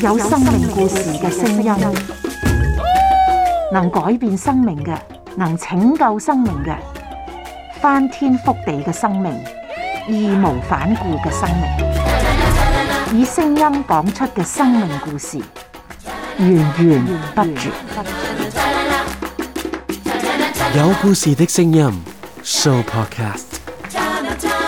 有生命故事嘅聲音，能改變生命嘅，能拯救生命嘅，翻天覆地嘅生命，義無反顧嘅生命，以聲音講出嘅生命故事，源源不絕。有故事嘅聲音，Show Podcast。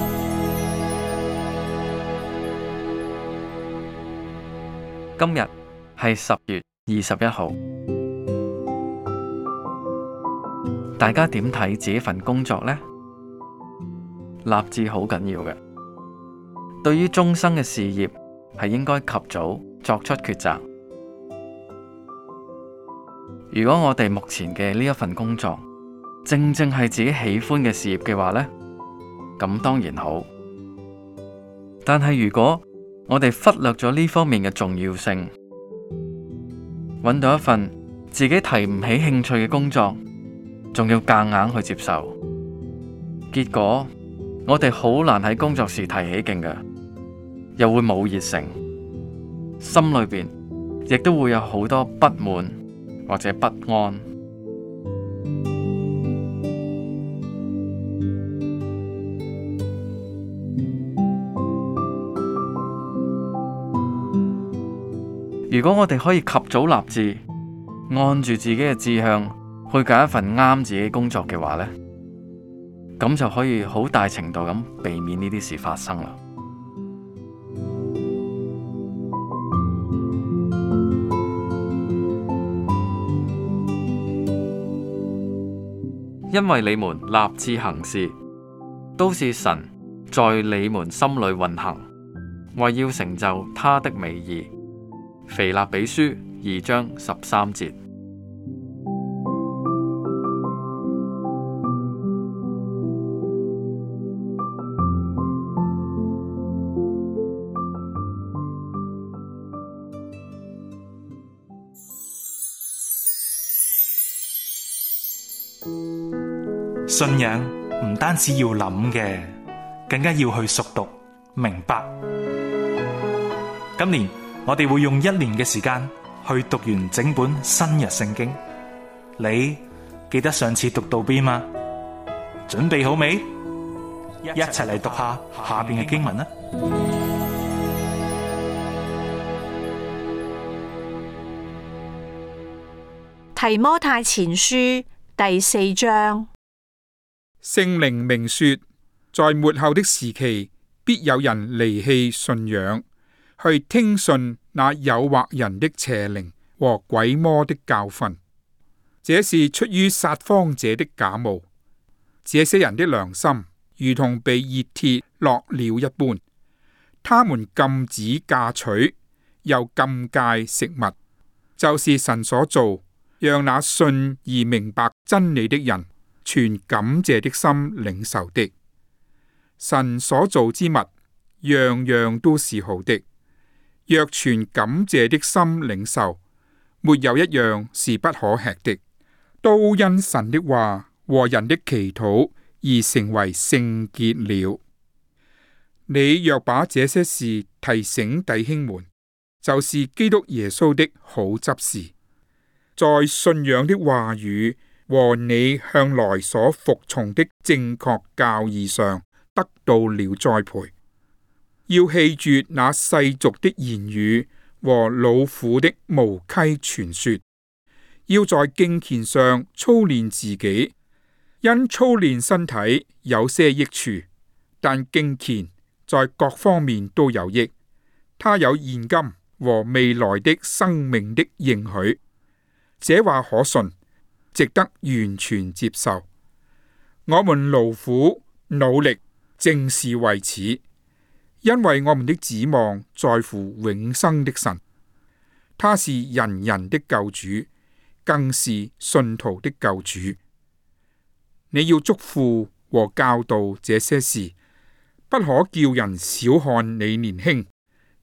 今日係十月二十一號，大家點睇自己份工作呢？立志好緊要嘅，對於終生嘅事業係應該及早作出抉擇。如果我哋目前嘅呢一份工作正正係自己喜歡嘅事業嘅話呢，咁當然好。但係如果，我哋忽略咗呢方面嘅重要性，揾到一份自己提唔起興趣嘅工作，仲要夾硬去接受，結果我哋好難喺工作時提起勁嘅，又會冇熱誠，心裏邊亦都會有好多不滿或者不安。如果我哋可以及早立志，按住自己嘅志向去揀一份啱自己工作嘅話呢，咁就可以好大程度咁避免呢啲事發生啦。因為你們立志行事，都是神在你們心裏運行，為要成就他的美意。腓立比書二章十三節，信仰唔單止要諗嘅，更加要去熟讀明白。今年。我哋會用一年嘅時間去讀完整本新約聖經。你記得上次讀到邊嗎？準備好未？一齊嚟讀下下面嘅經文啦。提摩太前書第四章，聖靈明說，在末後的時期，必有人離棄信仰。去聽信那誘惑人的邪靈和鬼魔的教訓，這是出於撒謊者的假冒。這些人的良心如同被熱鐵烙了一般。他們禁止嫁娶，又禁戒食物，就是神所做，讓那信而明白真理的人存感謝的心領受的。神所造之物，樣樣都是好的。若存感謝的心領受，沒有一樣是不可吃的，都因神的話和人的祈禱而成為聖潔了。你若把這些事提醒弟兄們，就是基督耶穌的好執事，在信仰的話語和你向來所服從的正確教義上得到了栽培。要棄絕那世俗的言語和老虎的無稽傳說，要在敬虔上操練自己。因操練身體有些益處，但敬虔在各方面都有益。他有現今和未來的生命的應許，這話可信，值得完全接受。我們勞苦努力，正是為此。因為我們的指望在乎永生的神，他是人人的救主，更是信徒的救主。你要囑咐和教導這些事，不可叫人小看你年輕。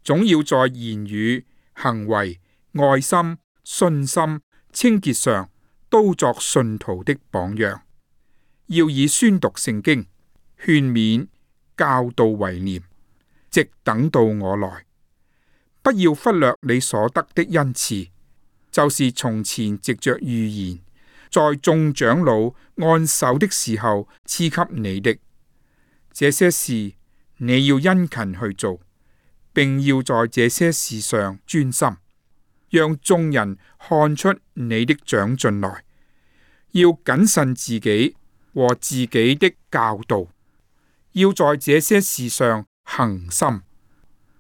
總要在言語、行為、愛心、信心、清潔上都作信徒的榜樣。要以宣讀聖經、勸勉、教導為念。直等到我來，不要忽略你所得的恩賜，就是從前藉着預言，在眾長老按手的時候賜給你的。這些事你要殷勤去做，並要在這些事上專心，讓眾人看出你的長進來。要謹慎自己和自己的教導，要在這些事上。恒心，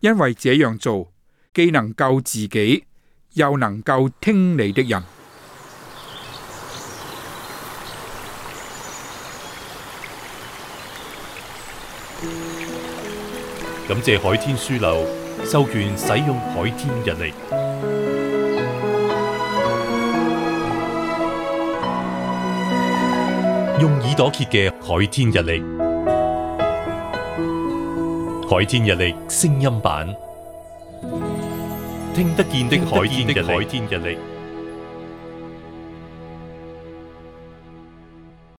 因為這樣做既能救自己，又能夠聽你的人。感謝海天書樓授權使用海天日曆，用耳朵揭嘅海天日曆。海天日曆聲音版，聽得見的海天日曆。